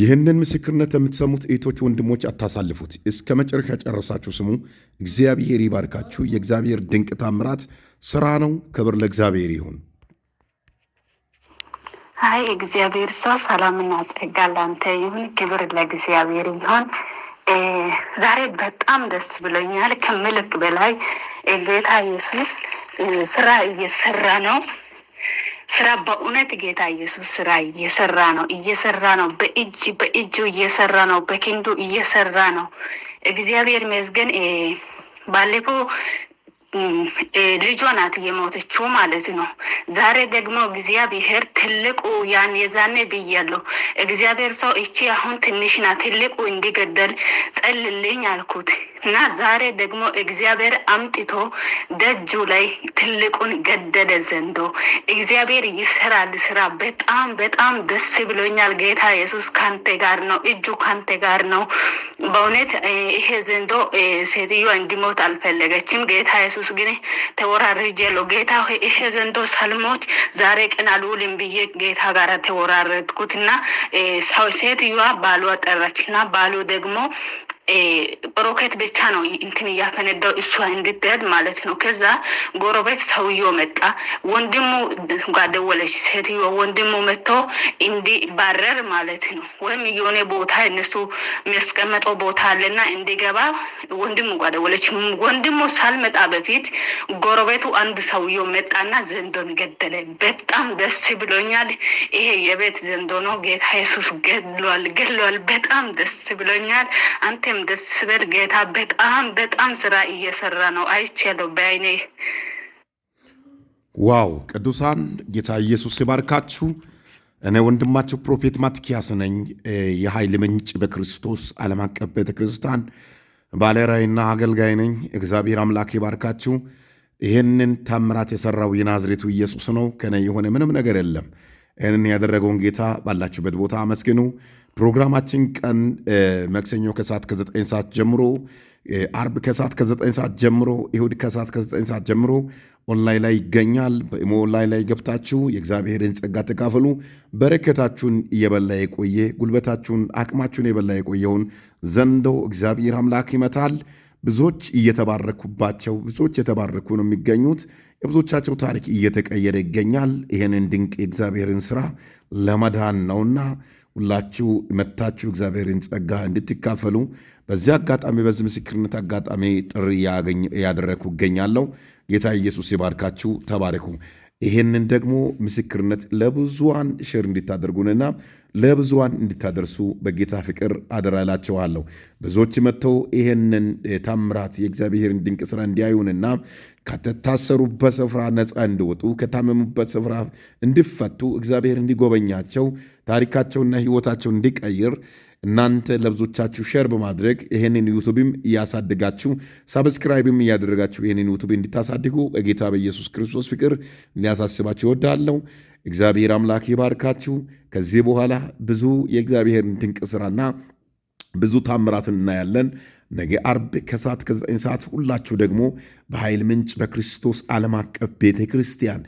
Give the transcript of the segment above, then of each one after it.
ይህንን ምስክርነት የምትሰሙት እህቶች ወንድሞች፣ አታሳልፉት። እስከ መጨረሻ ጨረሳችሁ ስሙ። እግዚአብሔር ይባርካችሁ። የእግዚአብሔር ድንቅ ታምራት ስራ ነው። ክብር ለእግዚአብሔር ይሁን። አይ እግዚአብሔር ሰው ሰላምና ጸጋ ለአንተ ይሁን። ክብር ለእግዚአብሔር ይሁን። ዛሬ በጣም ደስ ብሎኛል ከምልክ በላይ ጌታ ኢየሱስ ስራ እየሰራ ነው። ስራ በእውነት ጌታ ኢየሱስ ስራ እየሰራ ነው፣ እየሰራ ነው። በእጅ በእጁ እየሰራ ነው፣ በኪንዱ እየሰራ ነው። እግዚአብሔር ይመስገን። ባለፈው ልጇ ናት የሞተችው ማለት ነው። ዛሬ ደግሞ እግዚአብሔር ትልቁ ያን የዛኔ ብያለሁ። እግዚአብሔር ሰው እቺ አሁን ትንሽ ናት ትልቁ እንዲገደል ጸልልኝ አልኩት። እና ዛሬ ደግሞ እግዚአብሔር አምጥቶ ደጁ ላይ ትልቁን ገደደ ዘንዶ። እግዚአብሔር ይስራ ልስራ። በጣም በጣም ደስ ብሎኛል። ጌታ ኢየሱስ ካንተ ጋር ነው፣ እጁ ካንተ ጋር ነው። በእውነት ይሄ ዘንዶ ሴትዮ እንዲሞት አልፈለገችም። ጌታ ኢየሱስ ግን ተወራርጀሎ። ጌታ ይሄ ዘንዶ ሰልሞች ዛሬ ቀን አልውልም ብዬ ጌታ ጋር ተወራረድኩት እና ሴትዮዋ ባሏ ጠራችና ባሉ ደግሞ ሮኬት ብቻ ነው እንትን እያፈነዳው እሷ እንድትሄድ ማለት ነው። ከዛ ጎረቤት ሰውዮ መጣ። ወንድሙ ጋር ደወለች ሴትዮ። ወንድሙ መጥቶ እንዲባረር ማለት ነው ወይም የሆነ ቦታ እነሱ የሚያስቀመጠው ቦታ አለና እንዲገባ ወንድሙ ጋር ደወለች። ወንድሙ ሳልመጣ በፊት ጎረቤቱ አንድ ሰውዮ መጣና ዘንዶን ገደለ። በጣም ደስ ብሎኛል። ይሄ የቤት ዘንዶ ነው። ጌታ የሱስ ገድሏል፣ ገድሏል። በጣም ደስ ብሎኛል። አንተ እኔም ደስ ስበል ጌታ በጣም በጣም ስራ እየሰራ ነው አይቻለሁ በአይኔ። ዋው ቅዱሳን ጌታ ኢየሱስ ይባርካችሁ። እኔ ወንድማችሁ ፕሮፌት ማትኪያስ ነኝ። የኃይል ምንጭ በክርስቶስ ዓለም አቀፍ ቤተክርስቲያን ባለራዕይና አገልጋይ ነኝ። እግዚአብሔር አምላክ ይባርካችሁ። ይህንን ታምራት የሰራው የናዝሬቱ ኢየሱስ ነው። ከነ የሆነ ምንም ነገር የለም። ይህንን ያደረገውን ጌታ ባላችሁበት ቦታ አመስግኑ። ፕሮግራማችን ቀን መክሰኞ ከሰዓት ከዘጠኝ 9 ሰዓት ጀምሮ፣ አርብ ከሰዓት ከዘጠኝ ሰዓት ጀምሮ፣ እሁድ ከሰዓት ከዘጠኝ ሰዓት ጀምሮ ኦንላይን ላይ ይገኛል። በኢሞ ኦንላይን ላይ ገብታችሁ የእግዚአብሔርን ጸጋ ተካፈሉ። በረከታችሁን እየበላ የቆየ ጉልበታችሁን፣ አቅማችሁን የበላ የቆየውን ዘንዶ እግዚአብሔር አምላክ ይመታል። ብዙዎች እየተባረኩባቸው ብዙዎች የተባረኩ ነው የሚገኙት። የብዙዎቻቸው ታሪክ እየተቀየረ ይገኛል። ይህንን ድንቅ የእግዚአብሔርን ስራ ለመዳን ነውና ሁላችሁ መታችሁ እግዚአብሔርን ጸጋ እንድትካፈሉ በዚህ አጋጣሚ በዚህ ምስክርነት አጋጣሚ ጥሪ እያደረግኩ እገኛለሁ። ጌታ ኢየሱስ ይባርካችሁ። ተባረኩ። ይህንን ደግሞ ምስክርነት ለብዙዋን ሽር እንዲታደርጉንና ለብዙዋን እንድታደርሱ በጌታ ፍቅር አደራ ብዙዎች መጥተው ይህንን ታምራት የእግዚአብሔርን ድንቅ ስራ እንዲያዩንና ከተታሰሩበት ስፍራ ነፃ እንዲወጡ፣ ከታመሙበት ስፍራ እንዲፈቱ እግዚአብሔር እንዲጎበኛቸው ታሪካቸውና ህይወታቸው እንዲቀይር እናንተ ለብዙቻችሁ ሼር በማድረግ ይህንን ዩቱብም እያሳድጋችሁ ሰብስክራይብም እያደረጋችሁ ይህንን ዩቱብ እንዲታሳድጉ በጌታ በኢየሱስ ክርስቶስ ፍቅር ሊያሳስባችሁ እወዳለሁ። እግዚአብሔር አምላክ ይባርካችሁ። ከዚህ በኋላ ብዙ የእግዚአብሔርን ድንቅ ስራና ብዙ ታምራትን እናያለን። ነገ አርብ ከሰዓት ከዘጠኝ ሰዓት ሁላችሁ ደግሞ በኃይል ምንጭ በክርስቶስ ዓለም አቀፍ ቤተ ክርስቲያን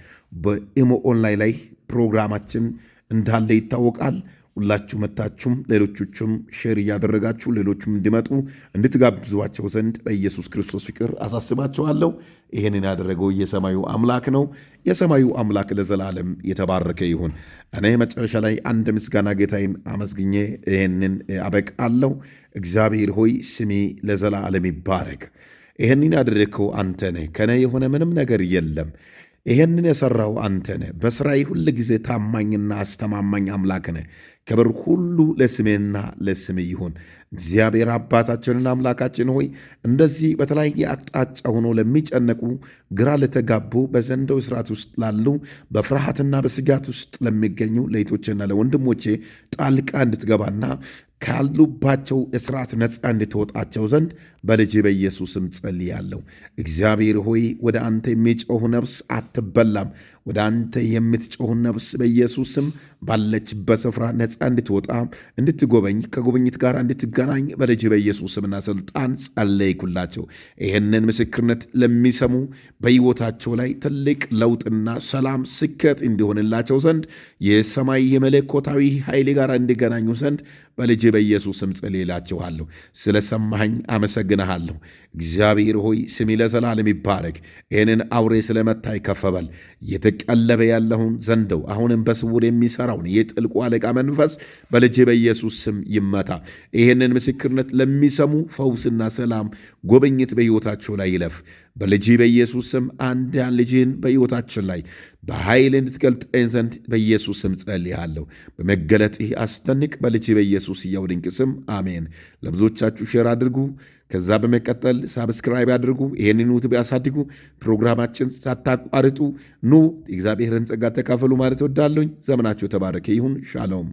በኢሞ ኦንላይን ላይ ፕሮግራማችን እንዳለ ይታወቃል። ሁላችሁ መታችሁም ሌሎቹም ሼር እያደረጋችሁ ሌሎቹም እንዲመጡ እንድትጋብዟቸው ዘንድ በኢየሱስ ክርስቶስ ፍቅር አሳስባቸዋለሁ። ይህንን ያደረገው የሰማዩ አምላክ ነው። የሰማዩ አምላክ ለዘላለም የተባረከ ይሁን። እኔ መጨረሻ ላይ አንድ ምስጋና ጌታዬን አመስግኜ ይህንን አበቃለሁ። እግዚአብሔር ሆይ ስሜ ለዘላለም ይባረክ። ይህንን ያደረግከው አንተ ነህ። ከኔ የሆነ ምንም ነገር የለም። ይህንን የሠራው አንተ ነህ። በሥራዬ ሁል ጊዜ ታማኝና አስተማማኝ አምላክ ነህ። ክብር ሁሉ ለስሜና ለስምህ ይሁን። እግዚአብሔር አባታችንና አምላካችን ሆይ እንደዚህ በተለያየ አቅጣጫ ሆኖ ለሚጨነቁ ግራ ለተጋቡ፣ በዘንደው ስርዓት ውስጥ ላሉ፣ በፍርሃትና በስጋት ውስጥ ለሚገኙ ለእህቶቼና ለወንድሞቼ ጣልቃ እንድትገባና ካሉባቸው እስራት ነፃ እንድትወጣቸው ዘንድ በልጅ በኢየሱስም ጸልያለሁ። እግዚአብሔር ሆይ ወደ አንተ የሚጮህ ነፍስ አትበላም። ወደ አንተ የምትጮህ ነፍስ በኢየሱስም ባለችበት ስፍራ ነፃ እንድትወጣ እንድትጎበኝ፣ ከጉብኝት ጋር እንድትገናኝ በልጅ በኢየሱስምና ስልጣን ጸለይኩላቸው። ይህንን ምስክርነት ለሚሰሙ በሕይወታቸው ላይ ትልቅ ለውጥና ሰላም፣ ስኬት እንዲሆንላቸው ዘንድ የሰማይ የመለኮታዊ ኃይል ጋር እንዲገናኙ ዘንድ በልጅ በኢየሱስም ጸልይላችኋለሁ። ስለሰማኸኝ አመሰግ አመሰግንሃለሁ። እግዚአብሔር ሆይ ስሚ ለዘላለም ይባረክ። ይህንን አውሬ ስለመታ ይከፈበል እየተቀለበ ያለውን ዘንደው አሁንም በስውር የሚሰራውን የጥልቁ አለቃ መንፈስ በልጅ በኢየሱስ ስም ይመታ። ይህንን ምስክርነት ለሚሰሙ ፈውስና ሰላም ጎብኝት በሕይወታቸው ላይ ይለፍ። በልጅ በኢየሱስ ስም አንዳን ልጅህን በሕይወታችን ላይ በኃይል እንድትገልጠኝ ዘንድ በኢየሱስ ስም ጸልያለሁ። በመገለጥህ አስደንቅ። በልጅ በኢየሱስ እያው ድንቅ ስም አሜን። ለብዙዎቻችሁ ሼር አድርጉ። ከዛ በመቀጠል ሳብስክራይብ ያድርጉ፣ ይህንን ውትብ ያሳድጉ። ፕሮግራማችን ሳታቋርጡ ኑ፣ እግዚአብሔርን ጸጋ ተካፈሉ ማለት ወዳለኝ። ዘመናችሁ ተባረከ ይሁን። ሻሎም